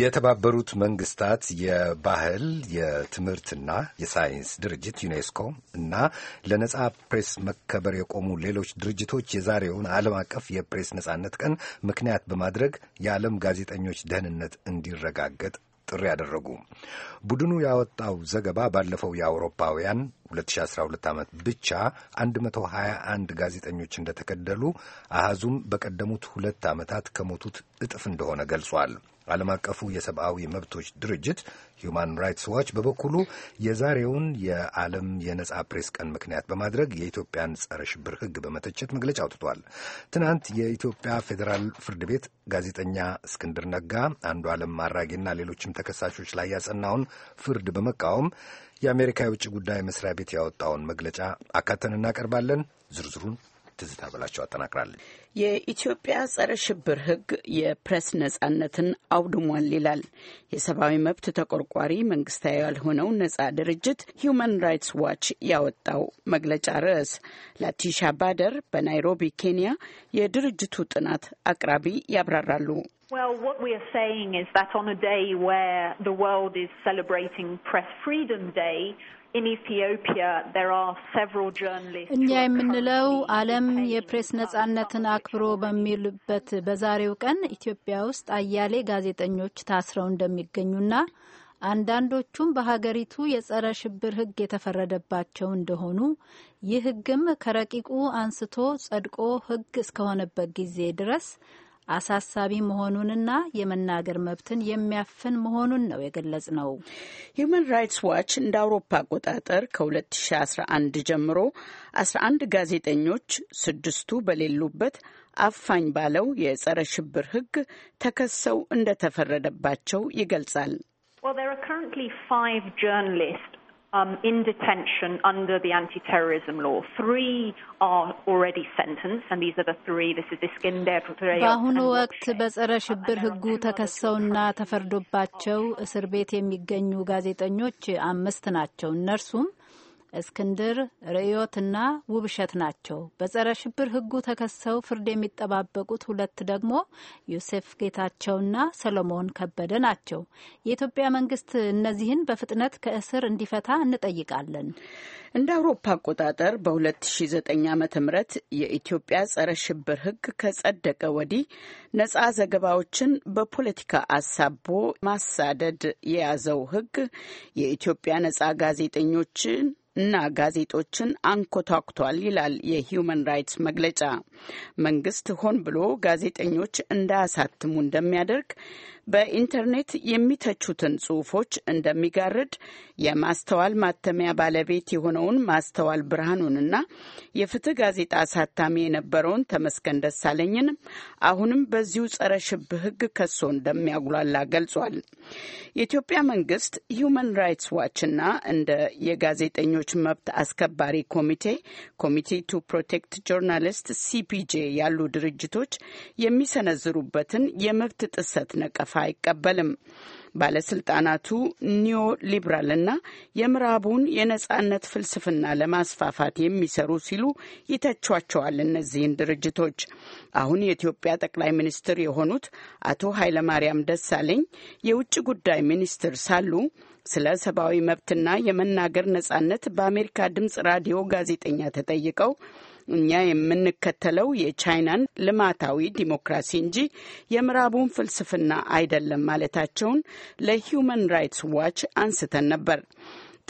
የተባበሩት መንግስታት የባህል የትምህርትና የሳይንስ ድርጅት ዩኔስኮ እና ለነጻ ፕሬስ መከበር የቆሙ ሌሎች ድርጅቶች የዛሬውን ዓለም አቀፍ የፕሬስ ነጻነት ቀን ምክንያት በማድረግ የዓለም ጋዜጠኞች ደህንነት እንዲረጋገጥ ጥሪ አደረጉ። ቡድኑ ያወጣው ዘገባ ባለፈው የአውሮፓውያን 2012 ዓመት ብቻ 121 ጋዜጠኞች እንደተገደሉ አሃዙም በቀደሙት ሁለት ዓመታት ከሞቱት እጥፍ እንደሆነ ገልጿል። ዓለም አቀፉ የሰብአዊ መብቶች ድርጅት ሁማን ራይትስ ዋች በበኩሉ የዛሬውን የዓለም የነጻ ፕሬስ ቀን ምክንያት በማድረግ የኢትዮጵያን ጸረ ሽብር ሕግ በመተቸት መግለጫ አውጥቷል። ትናንት የኢትዮጵያ ፌዴራል ፍርድ ቤት ጋዜጠኛ እስክንድር ነጋ፣ አንዱ ዓለም ማራጌና ሌሎችም ተከሳሾች ላይ ያጸናውን ፍርድ በመቃወም የአሜሪካ የውጭ ጉዳይ መስሪያ ቤት ያወጣውን መግለጫ አካተን እናቀርባለን። ዝርዝሩን ትዝታ በላቸው አጠናቅራለን። የኢትዮጵያ ጸረ ሽብር ሕግ የፕሬስ ነጻነትን አውድሟል ይላል የሰብአዊ መብት ተቆርቋሪ መንግስታዊ ያልሆነው ነጻ ድርጅት ሂዩማን ራይትስ ዋች ያወጣው መግለጫ ርዕስ። ላቲሻ ባደር በናይሮቢ ኬንያ የድርጅቱ ጥናት አቅራቢ ያብራራሉ። Well, what we are saying is that on a day where the world is celebrating Press Freedom Day, እኛ የምንለው ዓለም የፕሬስ ነጻነትን አክብሮ በሚልበት በዛሬው ቀን ኢትዮጵያ ውስጥ አያሌ ጋዜጠኞች ታስረው እንደሚገኙና አንዳንዶቹም በሀገሪቱ የጸረ ሽብር ሕግ የተፈረደባቸው እንደሆኑ ይህ ሕግም ከረቂቁ አንስቶ ጸድቆ ሕግ እስከሆነበት ጊዜ ድረስ አሳሳቢ መሆኑንና የመናገር መብትን የሚያፍን መሆኑን ነው የገለጽ ነው። ሂዩማን ራይትስ ዋች እንደ አውሮፓ አቆጣጠር ከ2011 ጀምሮ 11 ጋዜጠኞች ስድስቱ በሌሉበት አፋኝ ባለው የጸረ ሽብር ሕግ ተከሰው እንደተፈረደባቸው ይገልጻል። Well, there are currently five journalists um, in detention under the anti terrorism law. Three are already sentenced, and these are the three. This is Iskender በአሁኑ ወቅት በጸረ ሽብር ሕጉ ተከሰውና ተፈርዶባቸው እስር ቤት የሚገኙ ጋዜጠኞች አምስት ናቸው። እነርሱም እስክንድር ርዕዮትና ውብሸት ናቸው። በጸረ ሽብር ህጉ ተከሰው ፍርድ የሚጠባበቁት ሁለት ደግሞ ዮሴፍ ጌታቸውና ሰሎሞን ከበደ ናቸው። የኢትዮጵያ መንግስት እነዚህን በፍጥነት ከእስር እንዲፈታ እንጠይቃለን። እንደ አውሮፓ አቆጣጠር በ2009 ም የኢትዮጵያ ጸረ ሽብር ህግ ከጸደቀ ወዲህ ነጻ ዘገባዎችን በፖለቲካ አሳቦ ማሳደድ የያዘው ህግ የኢትዮጵያ ነጻ ጋዜጠኞችን እና ጋዜጦችን አንኮታኩቷል ይላል የሂዩማን ራይትስ መግለጫ። መንግስት ሆን ብሎ ጋዜጠኞች እንዳያሳትሙ እንደሚያደርግ በኢንተርኔት የሚተቹትን ጽሁፎች እንደሚጋርድ የማስተዋል ማተሚያ ባለቤት የሆነውን ማስተዋል ብርሃኑንና የፍትህ ጋዜጣ አሳታሚ የነበረውን ተመስገን ደሳለኝን አሁንም በዚሁ ጸረ ሽብ ህግ ከሶ እንደሚያጉላላ ገልጿል። የኢትዮጵያ መንግስት ሁማን ራይትስ ዋችና እንደ የጋዜጠኞች መብት አስከባሪ ኮሚቴ ኮሚቴ ቱ ፕሮቴክት ጆርናሊስት ሲፒጄ ያሉ ድርጅቶች የሚሰነዝሩበትን የመብት ጥሰት ነቀፋል። አይቀበልም። ባለስልጣናቱ ኒዮ ሊብራልና የምዕራቡን የነጻነት ፍልስፍና ለማስፋፋት የሚሰሩ ሲሉ ይተቿቸዋል። እነዚህን ድርጅቶች አሁን የኢትዮጵያ ጠቅላይ ሚኒስትር የሆኑት አቶ ኃይለማርያም ደሳለኝ የውጭ ጉዳይ ሚኒስትር ሳሉ ስለ ሰብአዊ መብትና የመናገር ነጻነት በአሜሪካ ድምፅ ራዲዮ ጋዜጠኛ ተጠይቀው እኛ የምንከተለው የቻይናን ልማታዊ ዲሞክራሲ እንጂ የምዕራቡን ፍልስፍና አይደለም ማለታቸውን ለሂዩማን ራይትስ ዋች አንስተን ነበር።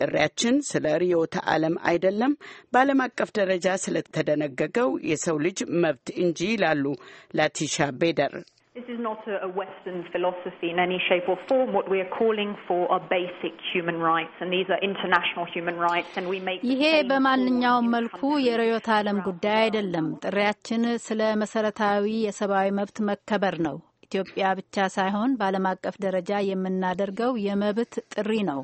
ጥሪያችን ስለ ርዕዮተ ዓለም አይደለም በዓለም አቀፍ ደረጃ ስለተደነገገው የሰው ልጅ መብት እንጂ ይላሉ ላቲሻ ቤደር። This is not a, Western philosophy in any shape or form. What we are calling for are basic human rights, and these are international human rights, and we make ይሄ በማንኛውም መልኩ የርዕዮተ ዓለም ጉዳይ አይደለም። ጥሪያችን ስለ መሰረታዊ የሰብአዊ መብት መከበር ነው። ኢትዮጵያ ብቻ ሳይሆን በዓለም አቀፍ ደረጃ የምናደርገው የመብት ጥሪ ነው።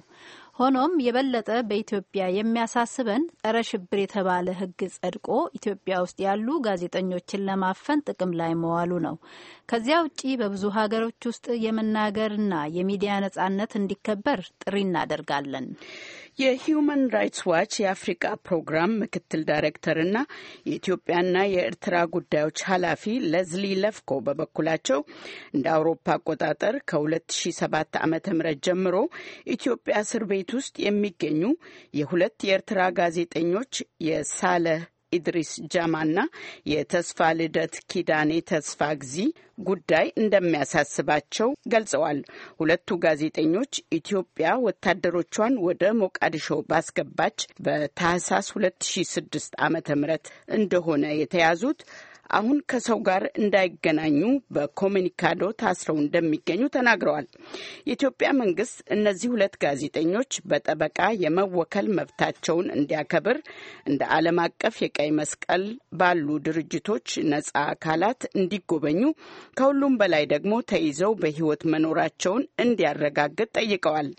ሆኖም የበለጠ በኢትዮጵያ የሚያሳስበን ጸረ ሽብር የተባለ ሕግ ጸድቆ ኢትዮጵያ ውስጥ ያሉ ጋዜጠኞችን ለማፈን ጥቅም ላይ መዋሉ ነው። ከዚያ ውጪ በብዙ ሀገሮች ውስጥ የመናገርና የሚዲያ ነጻነት እንዲከበር ጥሪ እናደርጋለን። የሂዩማን ራይትስ ዋች የአፍሪቃ ፕሮግራም ምክትል ዳይሬክተርና የኢትዮጵያና የኤርትራ ጉዳዮች ኃላፊ ለዝሊ ለፍኮ በበኩላቸው እንደ አውሮፓ አቆጣጠር ከ2007 ዓ.ም ጀምሮ ኢትዮጵያ እስር ቤት ውስጥ የሚገኙ የሁለት የኤርትራ ጋዜጠኞች የሳለህ ኢድሪስ ጃማና የተስፋ ልደት ኪዳኔ ተስፋ ጊዜ ጉዳይ እንደሚያሳስባቸው ገልጸዋል። ሁለቱ ጋዜጠኞች ኢትዮጵያ ወታደሮቿን ወደ ሞቃዲሾ ባስገባች በታህሳስ 2006 ዓ.ም እንደሆነ የተያዙት አሁን ከሰው ጋር እንዳይገናኙ በኮሚኒካዶ ታስረው እንደሚገኙ ተናግረዋል። የኢትዮጵያ መንግስት እነዚህ ሁለት ጋዜጠኞች በጠበቃ የመወከል መብታቸውን እንዲያከብር እንደ ዓለም አቀፍ የቀይ መስቀል ባሉ ድርጅቶች ነጻ አካላት እንዲጎበኙ ከሁሉም በላይ ደግሞ ተይዘው በህይወት መኖራቸውን እንዲያረጋግጥ ጠይቀዋል።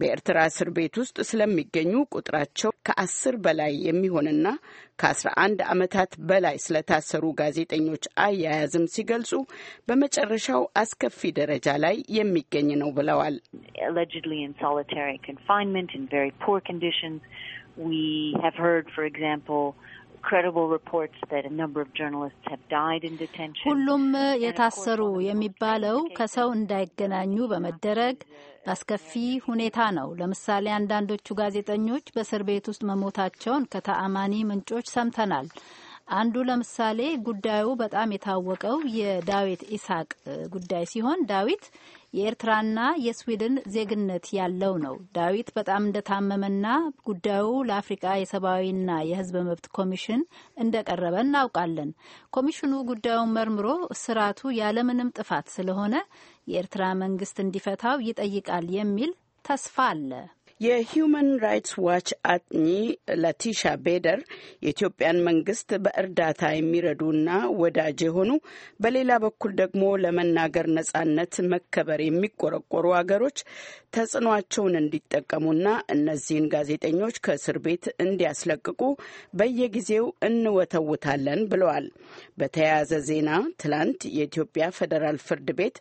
በኤርትራ እስር ቤት ውስጥ ስለሚገኙ ቁጥራቸው ከአስር በላይ የሚሆንና ከ11 ዓመታት በላይ ስለታሰሩ ጋዜጠኞች አያያዝም ሲገልጹ በመጨረሻው አስከፊ ደረጃ ላይ የሚገኝ ነው ብለዋል። We have heard, for example, ሁሉም የታሰሩ የሚባለው ከሰው እንዳይገናኙ በመደረግ በአስከፊ ሁኔታ ነው። ለምሳሌ አንዳንዶቹ ጋዜጠኞች በእስር ቤት ውስጥ መሞታቸውን ከተአማኒ ምንጮች ሰምተናል። አንዱ ለምሳሌ ጉዳዩ በጣም የታወቀው የዳዊት ኢስሐቅ ጉዳይ ሲሆን ዳዊት የኤርትራና የስዊድን ዜግነት ያለው ነው። ዳዊት በጣም እንደታመመና ጉዳዩ ለአፍሪቃ የሰብአዊና የሕዝብ መብት ኮሚሽን እንደቀረበ እናውቃለን። ኮሚሽኑ ጉዳዩን መርምሮ እስራቱ ያለምንም ጥፋት ስለሆነ የኤርትራ መንግስት እንዲፈታው ይጠይቃል የሚል ተስፋ አለ። የሂዩማን ራይትስ ዋች አጥኚ ላቲሻ ቤደር የኢትዮጵያን መንግስት በእርዳታ የሚረዱና ወዳጅ የሆኑ በሌላ በኩል ደግሞ ለመናገር ነጻነት መከበር የሚቆረቆሩ አገሮች ተጽዕኗቸውን እንዲጠቀሙና እነዚህን ጋዜጠኞች ከእስር ቤት እንዲያስለቅቁ በየጊዜው እንወተውታለን ብለዋል። በተያያዘ ዜና ትላንት የኢትዮጵያ ፌዴራል ፍርድ ቤት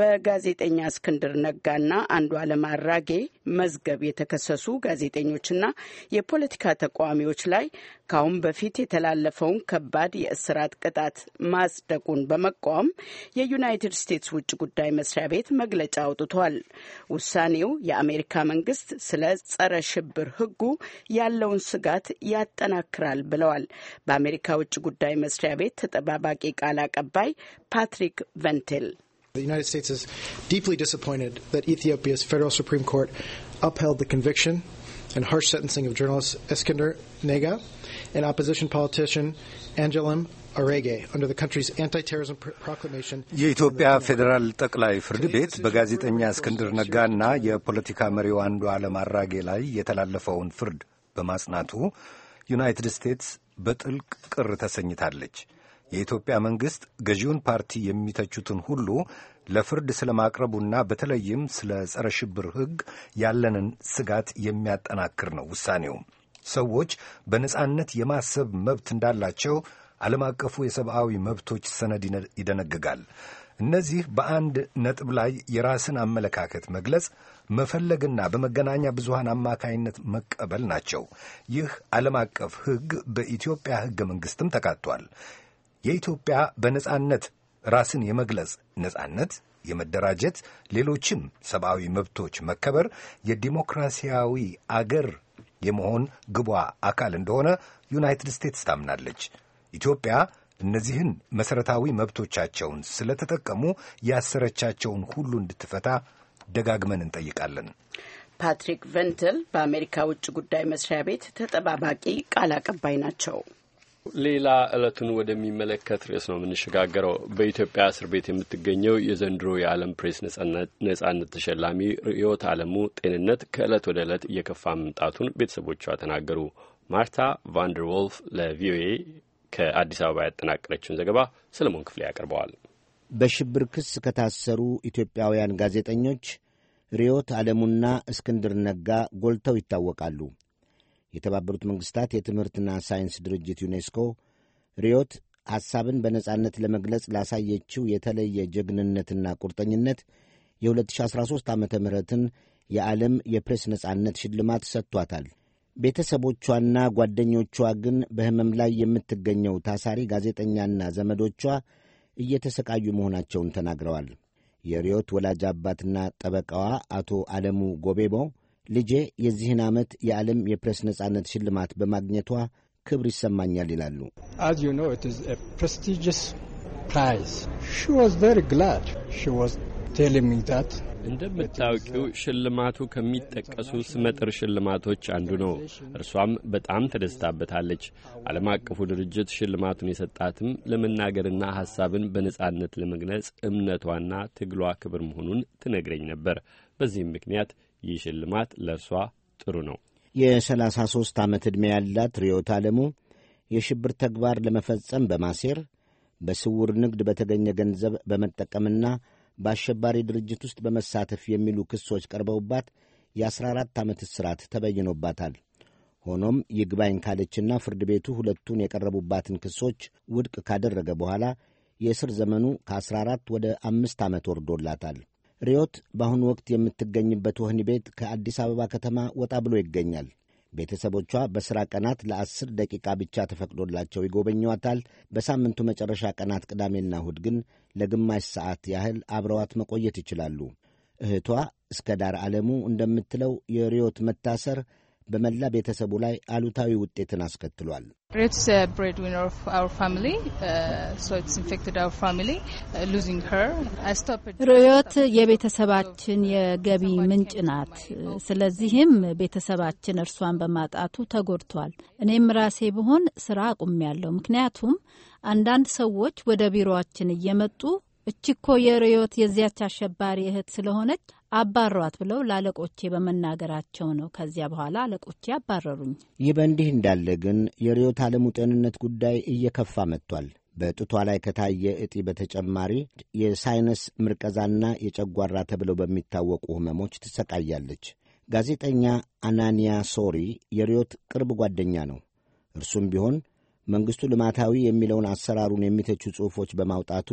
በጋዜጠኛ እስክንድር ነጋና አንዱዓለም አራጌ መዝገብ የተ በተከሰሱ ጋዜጠኞችና የፖለቲካ ተቃዋሚዎች ላይ ከአሁን በፊት የተላለፈውን ከባድ የእስራት ቅጣት ማጽደቁን በመቃወም የዩናይትድ ስቴትስ ውጭ ጉዳይ መስሪያ ቤት መግለጫ አውጥቷል። ውሳኔው የአሜሪካ መንግስት ስለ ጸረ ሽብር ህጉ ያለውን ስጋት ያጠናክራል ብለዋል። በአሜሪካ ውጭ ጉዳይ መስሪያ ቤት ተጠባባቂ ቃል አቀባይ ፓትሪክ ቨንቴል The United States is deeply disappointed that Ethiopia's federal Supreme Court upheld the conviction and harsh sentencing of journalist Eskinder Nega and opposition politician Angelim የኢትዮጵያ ፌዴራል ጠቅላይ ፍርድ ቤት በጋዜጠኛ እስክንድር ነጋና የፖለቲካ መሪው አንዱ ዓለም አራጌ ላይ የተላለፈውን ፍርድ በማጽናቱ ዩናይትድ ስቴትስ በጥልቅ ቅር ተሰኝታለች። የኢትዮጵያ መንግሥት ገዢውን ፓርቲ የሚተቹትን ሁሉ ለፍርድ ማቅረቡና በተለይም ስለ ጸረ ሽብር ሕግ ያለንን ስጋት የሚያጠናክር ነው ውሳኔው። ሰዎች በነጻነት የማሰብ መብት እንዳላቸው ዓለም አቀፉ የሰብአዊ መብቶች ሰነድ ይደነግጋል። እነዚህ በአንድ ነጥብ ላይ የራስን አመለካከት መግለጽ መፈለግና በመገናኛ ብዙሃን አማካይነት መቀበል ናቸው። ይህ ዓለም አቀፍ ሕግ በኢትዮጵያ ሕገ መንግሥትም ተካቷል። የኢትዮጵያ በነጻነት ራስን የመግለጽ ነጻነት፣ የመደራጀት ሌሎችም ሰብአዊ መብቶች መከበር የዲሞክራሲያዊ አገር የመሆን ግቧ አካል እንደሆነ ዩናይትድ ስቴትስ ታምናለች። ኢትዮጵያ እነዚህን መሠረታዊ መብቶቻቸውን ስለተጠቀሙ ያሰረቻቸውን ሁሉ እንድትፈታ ደጋግመን እንጠይቃለን። ፓትሪክ ቨንትል በአሜሪካ ውጭ ጉዳይ መስሪያ ቤት ተጠባባቂ ቃል አቀባይ ናቸው። ሌላ እለቱን ወደሚመለከት ርዕስ ነው የምንሸጋገረው። በኢትዮጵያ እስር ቤት የምትገኘው የዘንድሮ የዓለም ፕሬስ ነጻነት ተሸላሚ ርዕዮት ዓለሙ ጤንነት ከዕለት ወደ ዕለት እየከፋ መምጣቱን ቤተሰቦቿ ተናገሩ። ማርታ ቫንደር ወልፍ ለቪኦኤ ከአዲስ አበባ ያጠናቀረችውን ዘገባ ሰለሞን ክፍሌ ያቀርበዋል። በሽብር ክስ ከታሰሩ ኢትዮጵያውያን ጋዜጠኞች ርዕዮት ዓለሙና እስክንድር ነጋ ጎልተው ይታወቃሉ። የተባበሩት መንግሥታት የትምህርትና ሳይንስ ድርጅት ዩኔስኮ ሪዮት ሐሳብን በነጻነት ለመግለጽ ላሳየችው የተለየ ጀግንነትና ቁርጠኝነት የ2013 ዓ ምትን የዓለም የፕሬስ ነጻነት ሽልማት ሰጥቷታል። ቤተሰቦቿና ጓደኞቿ ግን በሕመም ላይ የምትገኘው ታሳሪ ጋዜጠኛና ዘመዶቿ እየተሰቃዩ መሆናቸውን ተናግረዋል። የሪዮት ወላጅ አባትና ጠበቃዋ አቶ አለሙ ጎቤቦ ልጄ የዚህን ዓመት የዓለም የፕሬስ ነጻነት ሽልማት በማግኘቷ ክብር ይሰማኛል ይላሉ። እንደምታውቂው ሽልማቱ ከሚጠቀሱ ስመጥር ሽልማቶች አንዱ ነው። እርሷም በጣም ተደስታበታለች። ዓለም አቀፉ ድርጅት ሽልማቱን የሰጣትም ለመናገርና ሐሳብን በነጻነት ለመግለጽ እምነቷና ትግሏ ክብር መሆኑን ትነግረኝ ነበር። በዚህም ምክንያት ይህ ሽልማት ለእርሷ ጥሩ ነው። የሰላሳ ሦስት ዓመት ዕድሜ ያላት ርዮት አለሙ የሽብር ተግባር ለመፈጸም በማሴር በስውር ንግድ በተገኘ ገንዘብ በመጠቀምና በአሸባሪ ድርጅት ውስጥ በመሳተፍ የሚሉ ክሶች ቀርበውባት የ14 ዓመት እስራት ተበይኖባታል። ሆኖም ይግባኝ ካለችና ፍርድ ቤቱ ሁለቱን የቀረቡባትን ክሶች ውድቅ ካደረገ በኋላ የእስር ዘመኑ ከ14 ወደ አምስት ዓመት ወርዶላታል። ሪዮት በአሁኑ ወቅት የምትገኝበት ወህኒ ቤት ከአዲስ አበባ ከተማ ወጣ ብሎ ይገኛል። ቤተሰቦቿ በሥራ ቀናት ለአስር ደቂቃ ብቻ ተፈቅዶላቸው ይጎበኟታል። በሳምንቱ መጨረሻ ቀናት ቅዳሜና እሁድ ግን ለግማሽ ሰዓት ያህል አብረዋት መቆየት ይችላሉ። እህቷ እስከ ዳር ዓለሙ እንደምትለው የሪዮት መታሰር በመላ ቤተሰቡ ላይ አሉታዊ ውጤትን አስከትሏል። ርዕዮት uh, uh, የቤተሰባችን የገቢ ምንጭ ናት። ስለዚህም ቤተሰባችን እርሷን በማጣቱ ተጎድቷል። እኔም ራሴ ብሆን ስራ አቁሜያለሁ። ምክንያቱም አንዳንድ ሰዎች ወደ ቢሮአችን እየመጡ እችኮ የርዕዮት የዚያች አሸባሪ እህት ስለሆነች አባሯት ብለው ለአለቆቼ በመናገራቸው ነው። ከዚያ በኋላ አለቆቼ አባረሩኝ። ይህ በእንዲህ እንዳለ ግን የርዕዮት ዓለሙ ጤንነት ጉዳይ እየከፋ መጥቷል። በጡቷ ላይ ከታየ እጢ በተጨማሪ የሳይነስ ምርቀዛና የጨጓራ ተብለው በሚታወቁ ህመሞች ትሰቃያለች። ጋዜጠኛ አናንያ ሶሪ የርዕዮት ቅርብ ጓደኛ ነው። እርሱም ቢሆን መንግሥቱ ልማታዊ የሚለውን አሰራሩን የሚተቹ ጽሑፎች በማውጣቱ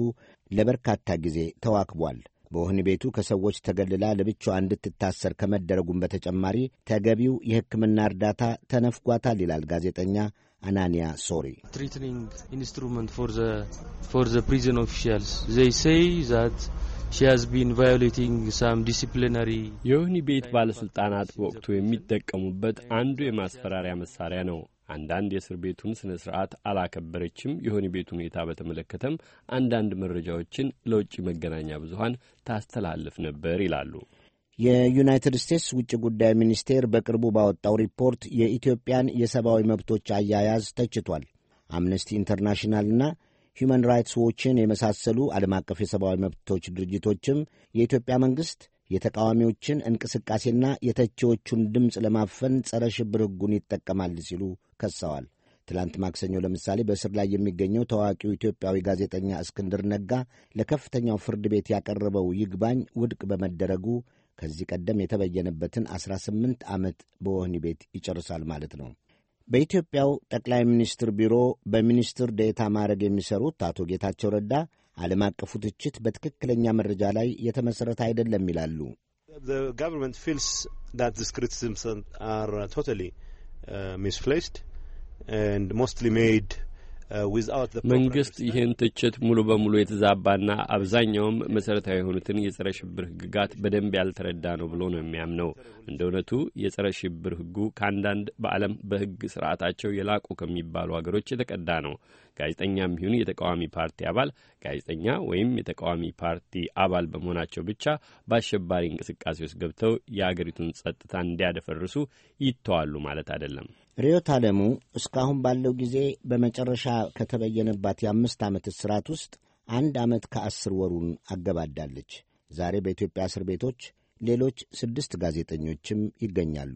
ለበርካታ ጊዜ ተዋክቧል። በወህኒ ቤቱ ከሰዎች ተገልላ ለብቻዋ እንድትታሰር ከመደረጉም በተጨማሪ ተገቢው የሕክምና እርዳታ ተነፍጓታል ይላል ጋዜጠኛ አናንያ ሶሪ። ትሪትኒንግ ኢንስትሩመንት ፎር ዘ ፕሪዝን ኦፊሻልስ ዘይ ሴይ ዛት የወህኒ ቤት ባለሥልጣናት በወቅቱ የሚጠቀሙበት አንዱ የማስፈራሪያ መሳሪያ ነው። አንዳንድ የእስር ቤቱን ስነ ስርዓት አላከበረችም። የሆነ ቤት ሁኔታ በተመለከተም አንዳንድ መረጃዎችን ለውጭ መገናኛ ብዙሀን ታስተላልፍ ነበር ይላሉ። የዩናይትድ ስቴትስ ውጭ ጉዳይ ሚኒስቴር በቅርቡ ባወጣው ሪፖርት የኢትዮጵያን የሰብአዊ መብቶች አያያዝ ተችቷል። አምነስቲ ኢንተርናሽናልና ሂውማን ራይትስ ዎችን የመሳሰሉ ዓለም አቀፍ የሰብአዊ መብቶች ድርጅቶችም የኢትዮጵያ መንግሥት የተቃዋሚዎችን እንቅስቃሴና የተቺዎቹን ድምፅ ለማፈን ጸረ ሽብር ሕጉን ይጠቀማል ሲሉ ከሰዋል። ትላንት ማክሰኞ ለምሳሌ በእስር ላይ የሚገኘው ታዋቂው ኢትዮጵያዊ ጋዜጠኛ እስክንድር ነጋ ለከፍተኛው ፍርድ ቤት ያቀረበው ይግባኝ ውድቅ በመደረጉ ከዚህ ቀደም የተበየነበትን 18 ዓመት በወህኒ ቤት ይጨርሳል ማለት ነው። በኢትዮጵያው ጠቅላይ ሚኒስትር ቢሮ በሚኒስትር ዴታ ማዕረግ የሚሰሩት አቶ ጌታቸው ረዳ ዓለም አቀፉ ትችት በትክክለኛ መረጃ ላይ የተመሠረተ አይደለም ይላሉ። uh, uh, መንግስት ይህን ትችት ሙሉ በሙሉ የተዛባና አብዛኛውም መሠረታዊ የሆኑትን የጸረ ሽብር ሕግጋት በደንብ ያልተረዳ ነው ብሎ ነው የሚያምነው። እንደ እውነቱ የጸረ ሽብር ሕጉ ከአንዳንድ በዓለም በሕግ ስርዓታቸው የላቁ ከሚባሉ አገሮች የተቀዳ ነው። ጋዜጠኛም ይሁን የተቃዋሚ ፓርቲ አባል ጋዜጠኛ ወይም የተቃዋሚ ፓርቲ አባል በመሆናቸው ብቻ በአሸባሪ እንቅስቃሴ ውስጥ ገብተው የአገሪቱን ጸጥታ እንዲያደፈርሱ ይተዋሉ ማለት አይደለም። ርዕዮት ዓለሙ እስካሁን ባለው ጊዜ በመጨረሻ ከተበየነባት የአምስት ዓመት እስራት ውስጥ አንድ ዓመት ከአስር ወሩን አገባዳለች። ዛሬ በኢትዮጵያ እስር ቤቶች ሌሎች ስድስት ጋዜጠኞችም ይገኛሉ።